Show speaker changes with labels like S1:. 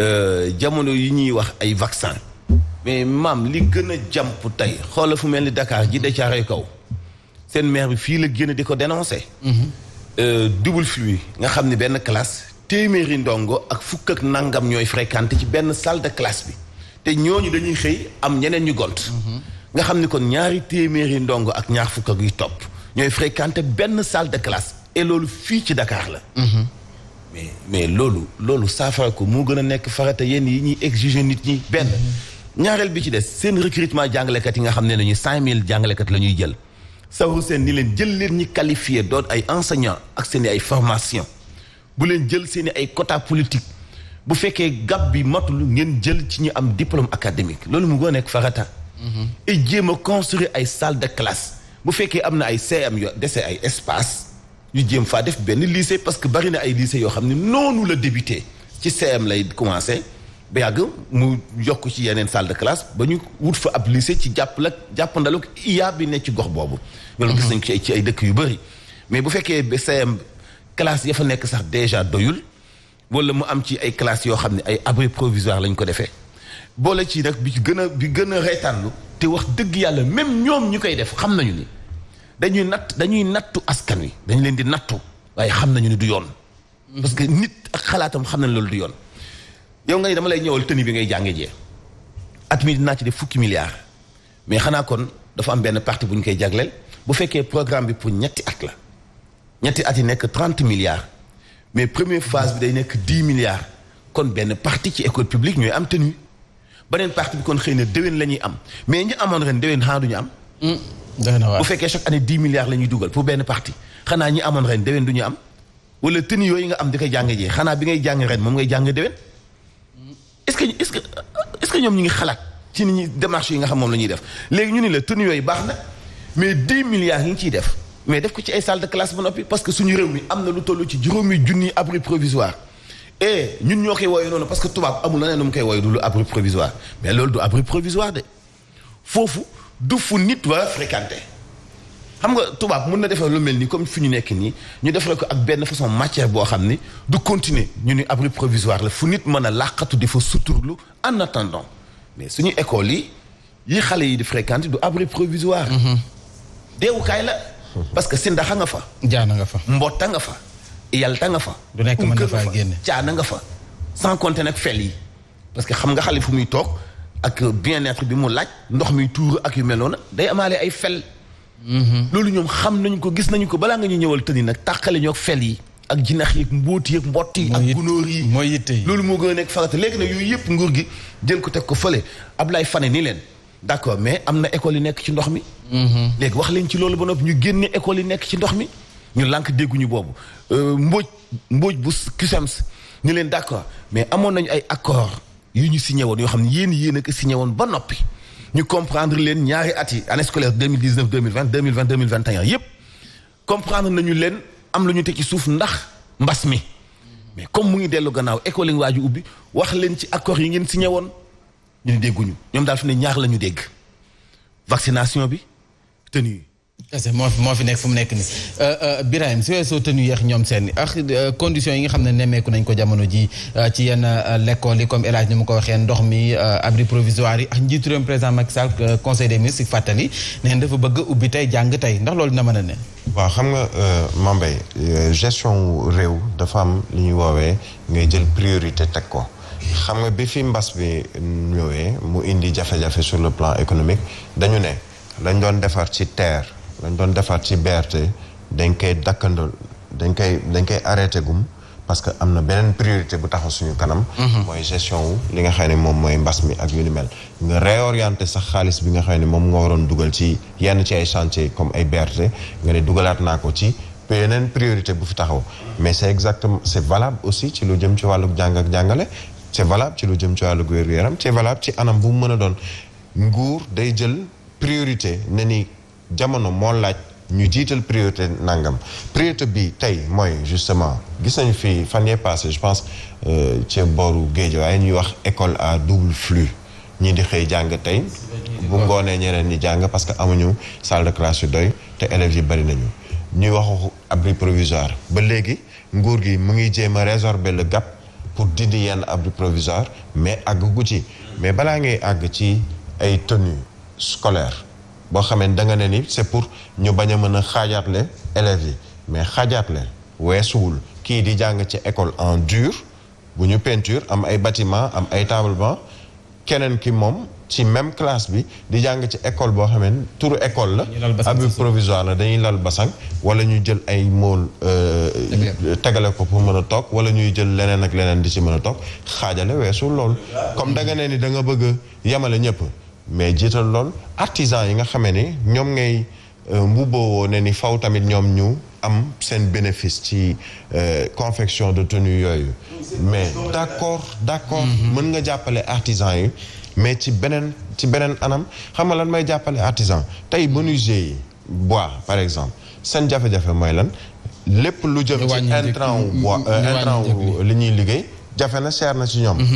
S1: Euh, jamono yi ñuy wax ay vaccin mais maam li gën a jàmp tey xoola fu mel ni dakaar ji de caaree kaw seen maire bi fii la génn di ko dénoncé mhm. euh, double flux nga xam ne benn classe téeméeri ndongo ak fukk ak nangam ñooy fréquenté ci benn salle de classe bi te ñooñu dañuy xëy am ñeneen ñu gont mhm. nga xam ni kon ñaari téeméeri ndongo ak ñaar fukk ak yu topp ñooy fréquenté benn salle de classe et loolu fii ci dakaar la mhm. mais mais loolu loolu saafara ko moo gën a nekk farata yenn yi ñuy exiger nit ñi benn. ñaareel bi ci des seen recrutement jàngalekat yi nga xam ne nañu cinq mille jàngalekat la ñuy jël. Saourou seen ni leen jël leen ñi qualifié doon ay enseignants ak seen ay formation bu leen jël seen i ay quota politique bu fekkee gàpp bi matul ngeen jël ci ñu am diplôme académique loolu mu gën a nekk farata. Mm-hmm. et jéem a construire ay salle de classe bu fekkee am na ay CM yo ay espace ñu jéem faa def benn lycée parce que bari ay lycée yoo xam ne noonu la débuté ci CM lay commencé ba yàgg mu yokk ci yeneen salle de classe ba ñu wut fa ab lycée ci jàppal jàpp ndalu ak IA bi ne ci gox boobu. loolu gis nañ ko ci ay dëkk yu bëri. mais bu fekkee ba CM classe ya fa nekk sax déjà doyul wala mu am ci ay classes yoo xam ne ay abri provisoire lañ ko defee boole ci nag bi gën a bi gën a reetaanlu te wax dëgg yàlla même ñoom ñu koy def xam nañu ni. dañuy natt dañuy nattu askan wi dañ leen di nattu waaye xam nañu ni du yoon. parce que nit ak xalaatam xam nañ loolu du yoon. yow nga ni dama lay ñëwal tëni bi ngay jàngee jee at mi di ci def fukki milliards mais xanaa kon dafa am benn parti bu ñu koy jagleel bu fekkee programme bi pour ñetti at la ñetti at yi nekk trente milliards mais premier phase bi day nekk dix milliards kon benn parti ci école publique ñooy am tenue beneen parti bi kon xëy na déwén la ñuy am mais amoon ren déwén xanaa du am. Mm. bu fekkee chaque année dix milliards la ñuy dugal pour benn parti xanaa ñi amoon ren déwén du ñu am wala tenue yooyu nga am di ko jàng jee xanaa bi ngay jàng ren moom ngay jàng déwén est-ce que est-ce que ñoom ñu ngi xalaat ci nit ñi démarche yi nga xam moom la ñuy def léegi ñu ni la tenue yooyu baax na mais dix milliards yi ngi ciy def mais def ko ci ay salle de classe ba noppi parce que suñu réew mi am na lu toll ci juróomi junni abri provisoire et ñun ñoo koy wooyee noonu parce que tubaab amul leneen lu mu koy wooyee du lu abri provisoire mais loolu du abri provisoire de du fu nit war a xam nga tubaab mun na defar lu mel nii comme fi ñu nekk nii ñu defaree ko ak benn façon matière boo xam ni du continuer ñu ni abri provisoire la fu nit mën a làqatu di fa suturlu en attendant mais suñu école yi yi xale yi di fréquenter du abri provisoire. Mhm. deewukaay la. parce que sindaxa nga fa. jaana nga fa mbotta nga fa. yalta nga fa. du nekk mën na faa génne caana nga fa. sans compter nag fel yi parce que xam nga xale fu muy toog. ak bien-être bi mu laaj ndox mi tuur ak yu mel noonu day amaale ay fel mm-hmm. loolu ñoom xam nañu ko gis nañu ko balaa nga ñu ñëwal tëni nag tàqale ñoo fel yi ak jinax yi mbóot yi mboot mbott yi ak gunóor yi mooy yitte yi loolu moo gën a nekk farata léegi nag yooyu yëpp nguur gi jël ko teg ko fële Ablaye Fane ni leen d'accord mais am na école yi nekk ci ndox mi mm-hmm. léegi wax leen ci loolu ba noppi ñu génne école yi nekk ci ndox mi ñu lànk dégguñu boobu euh, mbóoj mbóoj bu CUSEMS ni leen d'accord mais amoon nañu ay accord yu ñu signé woon yoo xam ne yéen yéen a ko woon ba noppi ñu comprendre leen ñaari at yi année scolaire 2019 2020 2020 2021 yépp comprendre nañu leen am lu ñu teg ci suuf ndax mbas mi mais comme mu ngi dellu gannaaw école yi waaju ubbi wax leen ci accords yi ngeen signé woon ñu ne dégguñu ñoom daal fi ne ñaar la ñu dégg vaccination bi tenue kese moo fi nekk fu mu nekk nii euh, euh, Birahim su weesoo tenue yeex ñoom seen ak euh, conditions yi nga xam ne nemmeeku nañ ko jamono ji ci yenn lekkool yi comme El Hadj ni mu ko waxee ndox mi abri provisoire yi ak njiitu réew président Macky Sall conseil des ministres fàttali neen dafa bëgg ubbi tey jàng tey ndax loolu dina mën a ne.
S2: waaw xam nga Mambay gestion réew dafa am li ñuy woowee ngay jël priorité teg ko. xam nga bi fi mbas bi ñëwee mu indi jafe-jafe sur le plan économique dañu ne lañ doon defar ci terre. lañ doon defaat ci BRT dañ koy dakkandoo dañ koy dañ koy arrêté gum parce que am na beneen priorité bu taxaw suñu kanam. Mhm. mooy gestion wu li nga xam ne moom mooy mbas mi ak yu ni mel. nga réorienté sax xaalis bi nga xam ne moom nga waroon dugal ci yenn ci ay chantier comme ay BRT nga ne dugalaat naa ko ci beneen priorité bu fi taxaw. mais c' exactement c' est aussi ci lu jëm ci wàllu jàng ak jàngale. c' est ci lu jëm ci wàllu wér-gu-yaram c' est ci anam bu mu mën a doon nguur day jël priorité ne ni. jamono moo laaj ñu jiital priorité nangam priorité bi tey mooy justement gis nañu fi fan yee passé je pense euh, ci booru géej waaye ñuy wax école à double flux ñii di xëy jàng tey bu ngoonee ñeneen ñi jàng parce que amuñu salle de classe yu doy te élèves yi bari nañu ñuy waxu abri provisoire ba léegi nguur gi mu ngi jéem a résorber le gap pour dindi yenn abri provisoire mais àgg gu ci mais balaa ngay àgg ci ay tenues scolaire boo xamee da nga ne ni c'est pour ñu bañ a mën a xaajaatle élèves yi mais xaajaatle weesuwul kii di jàng ci école en dur bu ñu peinture am ay bâtiment am ay table keneen ki moom ci même classe bi di jàng ci école boo xamee ne turu école la abri provisoire la dañuy lal basang wala ñu jël ay mool euh, tegale ko pour mën a toog wala ñuy jël leneen ak leneen di ci mën a toog xaajale weesul loolu ah. comme da nga ne ni da nga bëgg yemale ñëpp mais jiital lool artisan yi nga xamee ni ñoom ngay euh, mbubboo ne ni faw tamit ñoom ñu am seen bénéfice ci euh, confection de tenue yooyu mais d'accord d'accord mm-hmm. mën nga jàppale artisan yi mais ci beneen ci beneen anam xam nga lan may jàppale artisan tey menuisier yi bois par exemple seen jafe-jafe mooy lan lépp lu jëm ci intrant wu bois euh, intrant wu li ñuy liggéey jafe na cher na ci ñoom mm-hmm.